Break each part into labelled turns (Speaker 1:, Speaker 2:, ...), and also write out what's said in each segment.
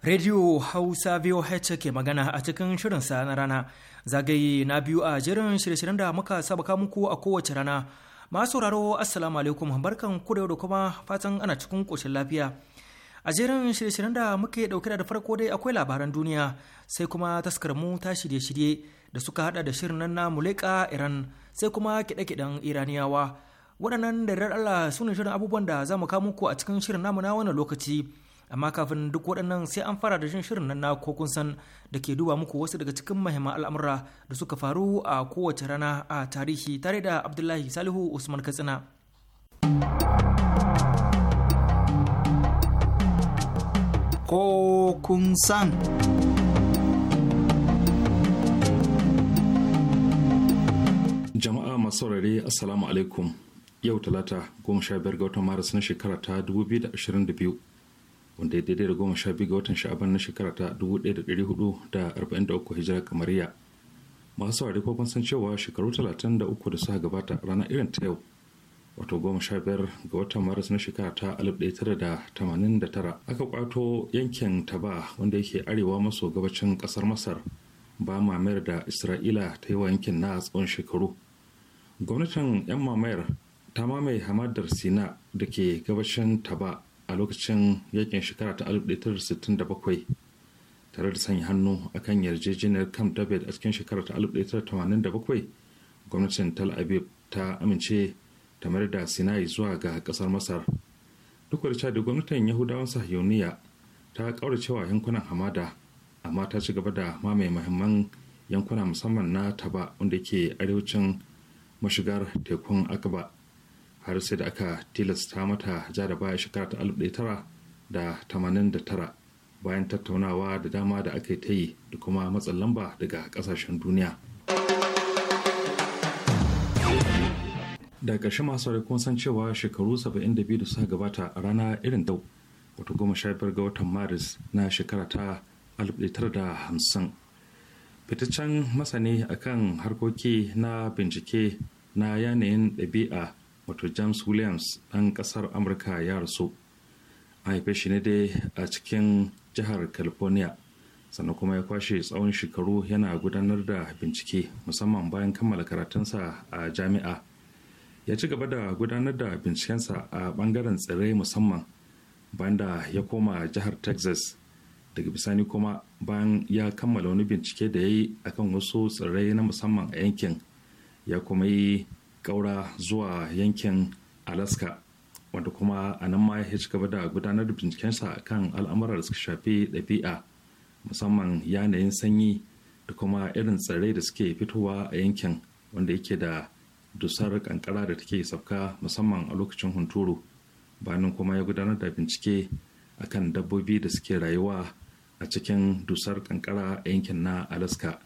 Speaker 1: Radio Hausa VOH ke magana a cikin shirinsa na rana zagaye na biyu a jirin shirye-shiryen da muka sabaka muku a kowace rana. Masu sauraro Assalamu alaikum barkan ku da kuma fatan ana cikin ƙoshin lafiya. A jerin shirye-shiryen da muke ɗauke da farko dai akwai labaran duniya sai kuma taskar mu ta shirye-shirye da suka hada da shirin nan na Muleka Iran sai kuma kiɗe-kiɗen Iraniyawa. Waɗannan da Allah su ne shirin abubuwan da za mu kawo muku a cikin shirin namu na wannan lokaci. amma kafin duk waɗannan sai an fara da shin shirin nan na ko kun san da ke duba muku wasu daga cikin mahimman al'amura da suka faru a kowace rana a tarihi tare da abdullahi salihu usman katsina
Speaker 2: ko kun san
Speaker 3: jama'a masu saurare assalamu alaikum yau talata 15 biyar ga watan maris na shekara ta 2022 wanda ya daidai da goma sha biyu ga watan sha'aban na shekara ta dubu ɗaya da ɗari hudu da arba'in da uku hijira kamariya masu saurari ko san cewa shekaru talatin da uku da suka gabata rana irin ta yau wato goma sha biyar ga watan maris na shekara ta alif ɗaya tara da tamanin da tara aka kwato yankin taba wanda yake arewa maso gabacin ƙasar masar ba mamayar da isra'ila ta yi wa yankin na tsawon shekaru gwamnatin 'yan mamayar ta mamaye hamadar sina da ke gabashin taba a lokacin yakin shekara ta 1967 tare da sanya hannu akan yarjejeniyar camp david a cikin shekara ta 1987 gwamnatin tel aviv ta amince ta mayar da sinai zuwa ga kasar masar duk da da gwamnatin yahudawan sahiyoniya ta cewa yankunan hamada amma ta ci gaba da mamaye mahimman yankuna musamman na taba wanda ke arewacin mashigar tekun akaba har sai da aka tilasta mata jaraba a shekara ta 1989 bayan tattaunawa da dama da aka yi ta yi da kuma matsin lamba daga kasashen duniya da ƙarshe masu rai kun san cewa shekaru 72 da suka gabata a rana irin dau wato goma sha biyar ga watan maris na shekara ta da hamsin fitaccen masani akan harkoki na bincike na yanayin ɗabi'a wato james williams ɗan ƙasar amurka ya rasu a haife shi ne dai a cikin jihar california sannan kuma ya kwashe tsawon shekaru yana gudanar da bincike musamman bayan kammala karatunsa a jami'a ya ci gaba da gudanar da bincikensa a ɓangaren tsirrai musamman bayan da ya koma jihar texas daga bisani kuma bayan ya kammala wani bincike da ya yi akan wasu tsirrai na musamman a yankin ya kuma yi gaura zuwa yankin alaska wanda kuma a nan ma ya ci gaba da gudanar da bincikensa kan al'amuran da suka shafi ɗabi'a musamman yanayin sanyi da kuma irin tsirrai da suke fitowa a yankin wanda yake da dusar kankara da take sauka musamman a lokacin hunturu bayan kuma ya gudanar da bincike akan dabbobi da suke rayuwa a cikin dusar kankara a yankin na alaska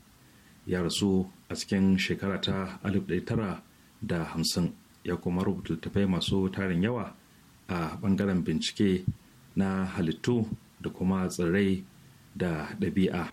Speaker 3: ya rasu a cikin shekara ta 1900 da hamsin ya kuma rubuta littattafai masu tarin yawa a bangaren bincike na halittu da kuma tsirrai da ɗabi'a.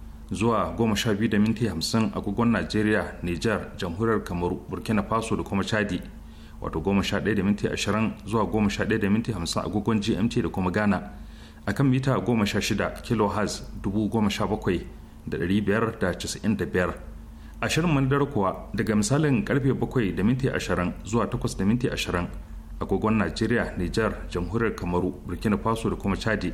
Speaker 3: zuwa goma sha biyu da minti agogon najeriya niger jamhuriyar kamaru burkina faso da kuma chadi wato goma sha ɗaya da zuwa goma sha ɗaya agogon gmt da kuma ghana akan mita goma sha shida kilohertz dubu goma sha bakwai da ɗari biyar da da biyar ashirin mandar kuwa daga misalin karfe bakwai da minti ashirin zuwa takwas da minti ashirin agogon najeriya niger jamhuriyar kamaru burkina faso da kuma chadi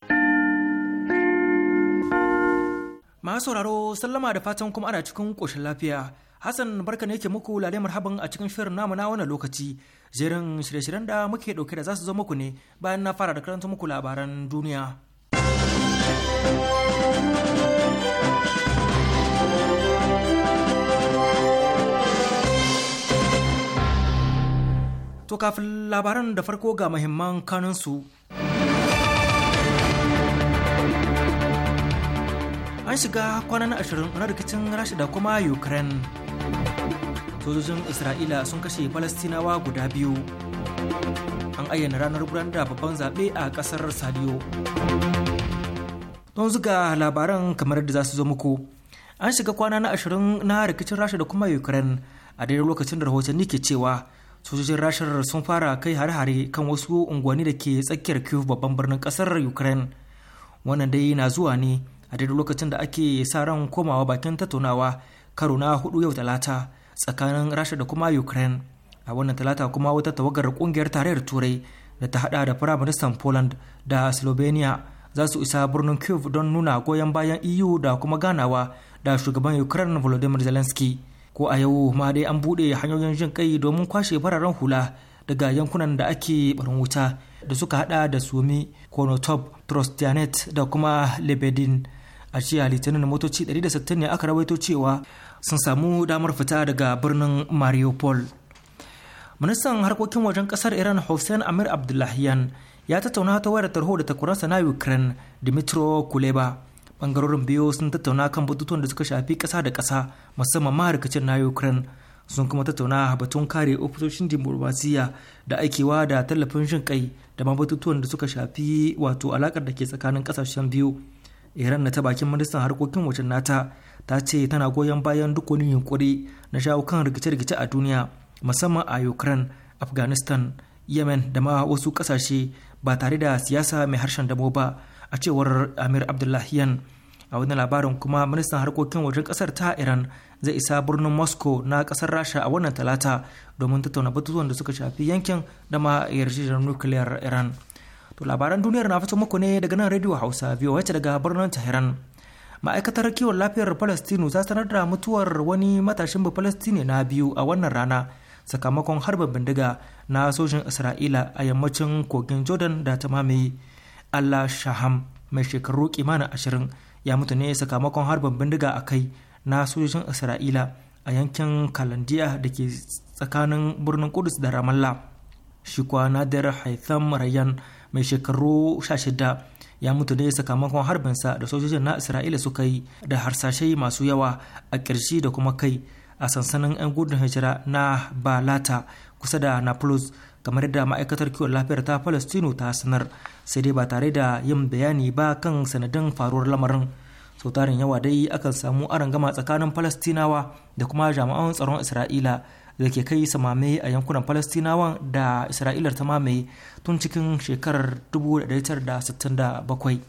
Speaker 1: masu sauraro sallama da fatan kuma ana cikin koshin lafiya hassan barka ne ke muku lale marhaban a cikin shirin namu na wannan lokaci jerin shirye-shiryen da muke ɗauke da za su zo muku ne bayan na fara da karanta muku labaran duniya to kafin labaran da farko ga muhimman kanunsu an shiga kwanan ashirin na rikicin rasha da kuma ukraine sojojin isra'ila sun kashe falastinawa guda biyu an ayyana ranar gudanar da babban zaɓe a ƙasar saliyo don zuga labaran kamar da za su zo muku an shiga kwana na ashirin na rikicin rasha da kuma ukraine a daidai lokacin da rahotanni ke cewa sojojin rashar sun fara kai hare-hare kan wasu unguwanni da ke tsakiyar kyiv babban birnin ƙasar ukraine wannan dai na zuwa ne a daidai lokacin da ake sa ran komawa bakin tattaunawa karo na hudu yau talata tsakanin rasha da kuma ukraine a wannan talata kuma wata tawagar kungiyar tarayyar turai da ta hada da minister poland da slovenia za su isa birnin kyiv don nuna goyon bayan eu da kuma ganawa da shugaban ukraine volodymyr zelensky ko a yau ma dai an bude hanyoyin jin kai domin kwashe fararen hula daga yankunan da ake barin wuta da suka hada da sumi konotop trostianet da kuma lebedin a jiya litinin motoci 160 ne aka rawaito cewa sun samu damar fita daga birnin mariupol ministan harkokin wajen kasar iran hussein amir abdullahian ya tattauna ta wayar tarho da takwaransa na ukraine dimitro kuleba bangarorin biyu sun tattauna kan batutuwan da suka shafi kasa da kasa musamman ma na ukraine sun kuma tattauna batun kare ofisoshin diplomasiya da aikewa da tallafin jin kai da ma batutuwan da suka shafi wato alakar da ke tsakanin kasashen biyu iran na ta bakin ministan harkokin wajen nata ta ce tana goyon bayan duk wani yunkuri na shawo kan rikice-rikice a duniya musamman a ukraine afghanistan yemen da ma wasu kasashe ba tare da siyasa mai harshen damo ba a cewar amir abdullahiyan a wani labarin kuma ministan harkokin wajen kasar ta iran zai isa birnin moscow na kasar rasha a wannan talata domin tattauna batutuwan da suka shafi yankin da ma yarjejeniyar nukiliyar iran To labaran duniyar na fito muku ne daga nan Radio Hausa wacce daga birnin Tehran. Ma'aikatar kiwon lafiyar Falastinu ta sanar da mutuwar wani matashin palestine na biyu a wannan rana sakamakon harbin bindiga na sojin Isra'ila a yammacin kogin Jordan da ta mamaye. Allah Shaham mai shekaru kimanin ashirin ya mutu ne sakamakon harbin bindiga a kai na sojin Isra'ila a yankin Kalandiya da ke tsakanin birnin Kudus da Ramallah. Shi kwa Nadir Haitham Rayyan mai shekaru 16 ya mutu ne sakamakon harbinsa da sojojin na isra'ila suka yi da harsashe masu yawa a kirji da kuma kai a sansanin 'yan gudun hijira na balata kusa da naples kamar yadda ma'aikatar kiwon lafiyar ta palestino ta sanar sai dai ba tare da yin bayani ba kan sanadin faruwar lamarin sautarin yawa dai akan samu arangama tsakanin palestinawa da kuma jami'an tsaron isra'ila da ke kai samame a yankunan falastinawan da isra'ilar ta mamaye tun cikin shekarar 1967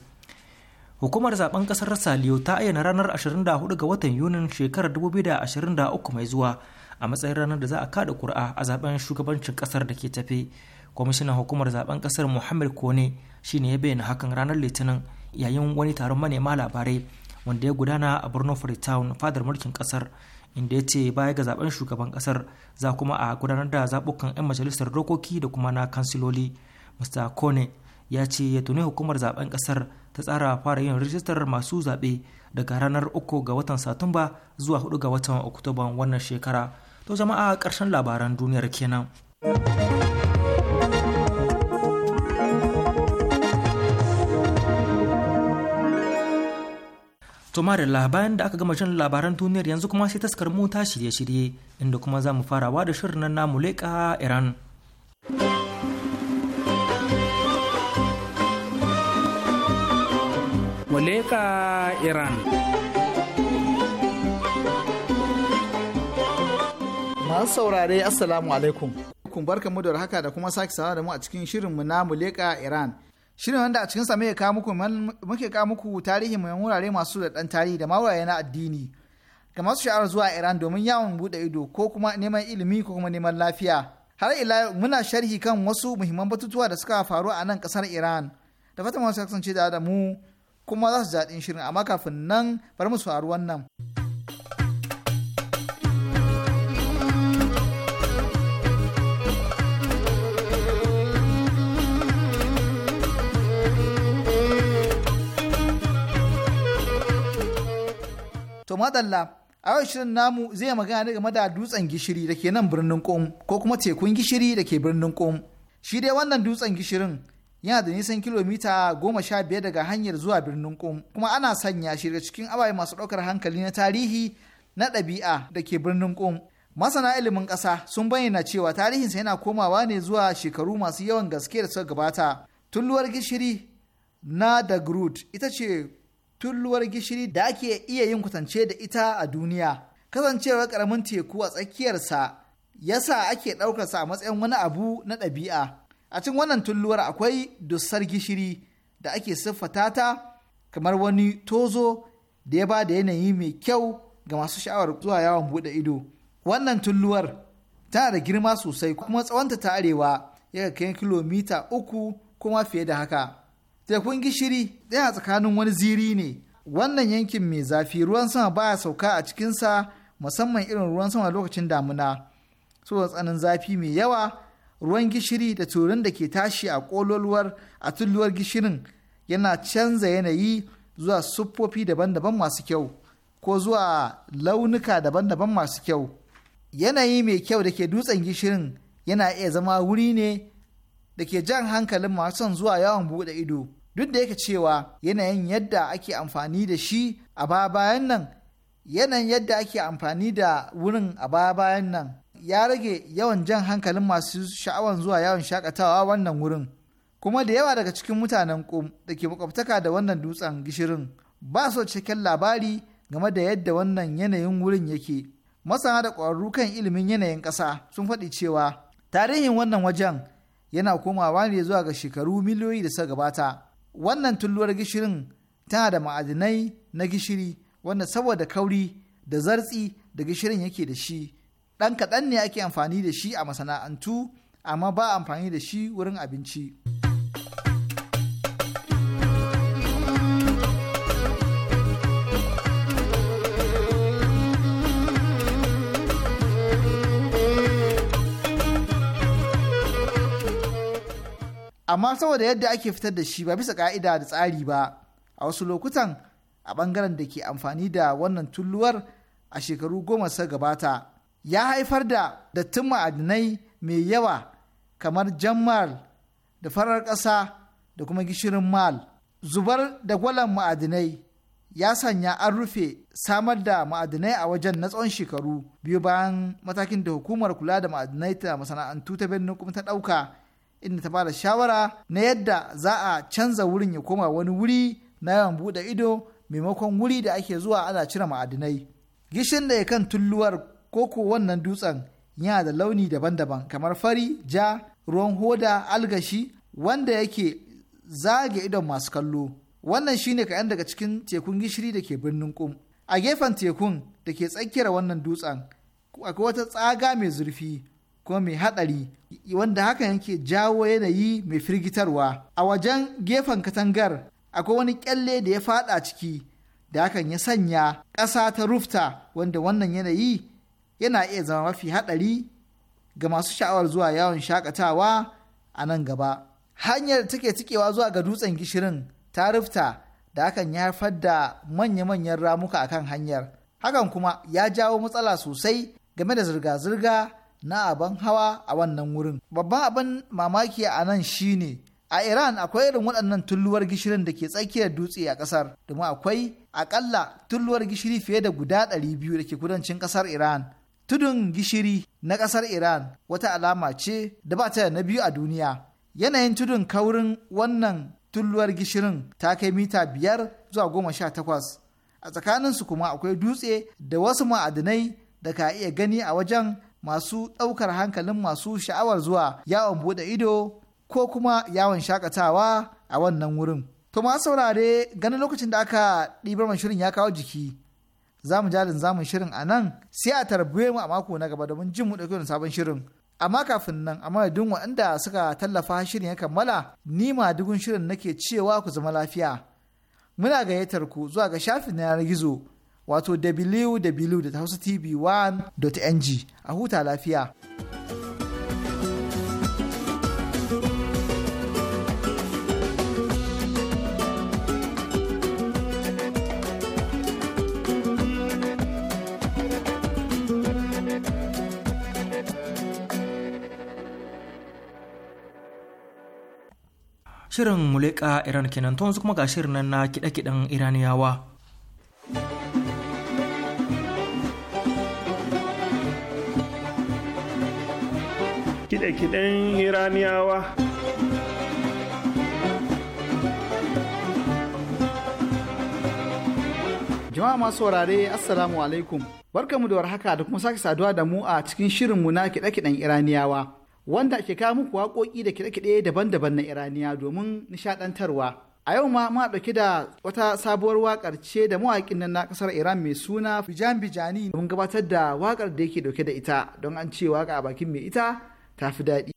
Speaker 1: hukumar zaben kasar saliyo ta ayyana ranar 24 ga watan yunin shekarar 2023 mai zuwa a matsayin ranar da za a kada kur'a a zaben shugabancin kasar da ke tafe kwamishinan hukumar zaben kasar muhammad kone shine ya bayyana hakan ranar litinin yayin wani taron manema labarai wanda ya gudana a birnin freetown fadar mulkin kasar inda ya ce baya ga zaben shugaban kasar za kuma a gudanar da zaɓukan 'yan majalisar dokoki da kuma na kansiloli mr kone ya ce ya tuni hukumar zaben kasar ta tsara fara yin rijistar masu zaɓe daga ranar 3 ga watan satumba zuwa 4 ga watan oktoba wannan shekara to jama'a ƙarshen labaran duniyar kenan. To da labaran da aka gama jin labaran duniyar yanzu kuma sai taskar mu ta shirye-shirye inda kuma za mu farawa da shirin nan namu leƙa Iran.
Speaker 3: Muleka Iran
Speaker 2: Masu saurare Assalamu alaikum. Kun barka mu da haka da kuma sake sawa da mu a cikin shirin shirinmu na Muleka Iran. Shirin wanda a cikin sa muke kawo muku muke kawo tarihi mai wurare masu da dan tarihi da mawuraye na addini. Ga masu sha'awar zuwa Iran domin yawon bude ido ko kuma neman ilimi ko kuma neman lafiya. Har ila muna sharhi kan wasu muhimman batutuwa da suka faru a nan kasar Iran. Da fatan masu kasance da mu kuma za su jaɗin shirin amma kafin nan bari mu faru wannan. To madalla a yau shirin namu zai magana daga game da dutsen gishiri da ke nan birnin kom ko kuma tekun gishiri da ke birnin kom. Shi dai wannan dutsen gishirin yana da nisan kilomita goma sha biyar daga hanyar zuwa birnin kom. kuma ana sanya shi daga cikin ababe masu ɗaukar hankali na tarihi na ɗabi'a da ke birnin kom. Masana ilimin ƙasa sun bayyana cewa tarihinsa yana komawa ne zuwa shekaru masu yawan gaske da suka gabata. Tulluwar gishiri na da ita ce tulluwar gishiri da ake iya yin kwatance da ita a duniya kasancewar karamin teku a tsakiyarsa ya sa ake ɗaukarsa a matsayin wani abu na ɗabi'a a cikin wannan tulluwar akwai dussar gishiri da ake siffata ta kamar wani tozo da ya ba da yanayi mai kyau ga masu sha'awar zuwa yawon buɗe ido wannan tulluwar tana da girma sosai kuma tsawonta ta arewa ya kai kilomita uku kuma fiye da haka tekun gishiri ɗaya tsakanin wani ziri ne wannan yankin mai zafi ruwan sama baya sauka a cikinsa musamman irin ruwan sama lokacin damuna saboda tsanin zafi mai yawa ruwan gishiri da turin da ke tashi a kololuwar a tulluwar gishirin yana canza yanayi zuwa siffofi daban-daban masu kyau ko zuwa launuka daban-daban masu kyau yanayi mai kyau da ke dutsen gishirin yana iya zama wuri ne da ke jan hankalin masu son zuwa yawon buɗe ido duk da yake cewa yanayin yadda ake amfani da shi a baya bayan nan yanayin yadda ake amfani da wurin a baya bayan nan ya rage yawan jan hankalin masu sha'awan zuwa yawon shakatawa wannan wurin kuma da yawa daga cikin mutanen kum da ke makwabtaka da wannan dutsen gishirin ba su cikin labari game da yadda wannan yanayin wurin yake masana da ƙwararru kan ilimin yanayin ƙasa sun faɗi cewa tarihin wannan wajen yana komawa ne zuwa ga shekaru miliyoyi da suka gabata wannan tulluwar gishirin tana da ma'adinai na gishiri wanda saboda kauri da zartsi da gishirin yake da shi ɗan kaɗan ne ake amfani da shi a masana'antu amma ba amfani da shi wurin abinci. amma saboda yadda ake fitar da shi ba bisa ka'ida da tsari ba a wasu lokutan a bangaren da ke amfani da wannan tulluwar a shekaru goma sa gabata ya haifar da dattin ma'adinai mai yawa kamar jan jammal da farar ƙasa da kuma gishirin mal zubar da gwalan ma'adinai ya sanya an rufe samar da ma'adinai a wajen na tsawon shekaru biyu bayan matakin da hukumar kula da ma'adinai ta masana'antu ta birnin kuma ta ɗauka inda ta bada shawara na yadda za a canza wurin ya koma wani wuri na yawan buɗe ido maimakon wuri da ake zuwa ana cire ma'adinai gishin da ya kan tulluwar koko wannan dutsen yana da launi daban-daban kamar fari ja ruwan hoda algashi wanda yake zage idon masu kallo wannan shine kaɗan daga cikin tekun gishiri da ke birnin kum a gefen tekun da ke tsakiyar wannan dutsen akwai wata tsaga mai zurfi kuma mai haɗari wanda hakan yake jawo yanayi mai firgitarwa a wajen gefen katangar akwai wani kyalle da ya faɗa ciki da hakan ya sanya ƙasa ta rufta wanda wannan yanayi yana iya zama mafi haɗari ga masu sha'awar zuwa yawon shakatawa a nan gaba hanyar take cikewa zuwa ga dutsen gishirin ta rufta da hakan ya haifar da manya-manyan ramuka akan hanyar hakan kuma ya jawo matsala sosai game da zirga-zirga na abin hawa a wannan wurin. Babban abin mamaki a nan shine a Iran akwai irin waɗannan tulluwar gishirin da ke tsakiyar dutse a ƙasar domin akwai akalla tulluwar gishiri fiye da guda ɗari biyu da ke kudancin ƙasar Iran. Tudun gishiri na ƙasar Iran wata alama ce da ba ta da na biyu a duniya. Yanayin tudun kaurin wannan tulluwar gishirin ta kai mita biyar zuwa goma sha takwas. A tsakaninsu kuma akwai dutse da wasu ma'adinai da ka iya gani a wajen masu ɗaukar hankalin masu sha'awar zuwa yawon buɗe ido ko kuma yawon shakatawa a wannan wurin. To ma saurare ganin lokacin da aka ɗibar man shirin ya kawo jiki. Za mu jalin zamun shirin a nan sai a tarbiyyar mu a mako na gaba domin jin mu ɗauki wani sabon shirin. amma kafin nan a madadin waɗanda suka tallafa shirin ya kammala ni ma dugun shirin nake cewa ku zama lafiya muna gayyatar ku zuwa ga shafin na yanar gizo wato wwwtv 1ng a huta lafiya.
Speaker 1: Shirin Muleka Iran kenan, to yanzu kuma ga shirin nan na kiɗe-kiɗen Iraniyawa.
Speaker 4: kide-kiden iraniyawa
Speaker 2: jama'a masu saurare assalamu alaikum barkamu da warhaka da kuma sake saduwa da mu a cikin shirin mu na kiɗe-kiɗen iraniyawa wanda ke kawo muku waƙoƙi da kiɗe-kiɗe daban-daban na iraniya domin nishaɗantarwa A yau ma muna ɗauke da wata sabuwar waƙar ce da mawaƙin nan na ƙasar Iran mai suna Fijan Bijani mun gabatar da waƙar da yake ɗauke da ita don an ce waƙa a bakin mai ita after that,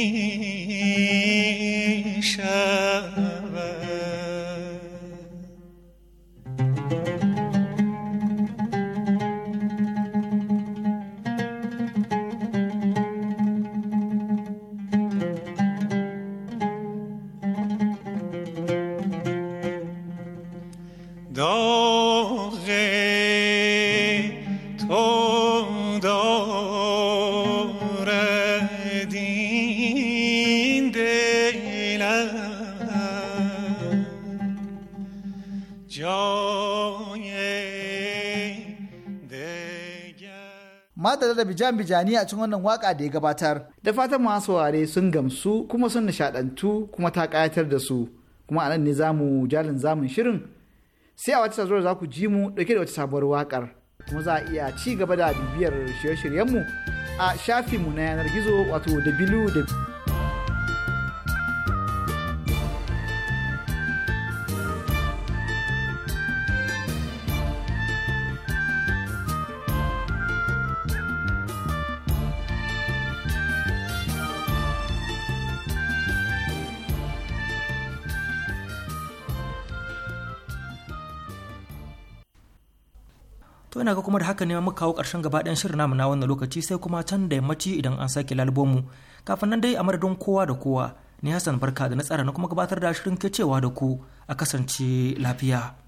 Speaker 4: Misha.
Speaker 2: Jan Bijani a cikin wannan waka da ya gabatar. Da fatan masu saurare sun gamsu kuma sun nishadantu kuma ta kayatar da su. Kuma anan ne zamu jalin zamun shirin. Sai a wata sazuwar za ku ji mu dauke da wata sabuwar wakar. Kuma za a iya ci gaba da bibiyar shirye-shiryenmu a mu na yanar gizo wato www
Speaker 1: ina ga kuma da haka ne muka kawo ƙarshen gaba ɗayan shirin namu na wannan lokaci sai kuma can da yammaci idan an sake lalbomu kafin nan dai a madadin kowa da kowa ni hassan barka da na tsara na kuma gabatar da shirin ke cewa da ku a kasance lafiya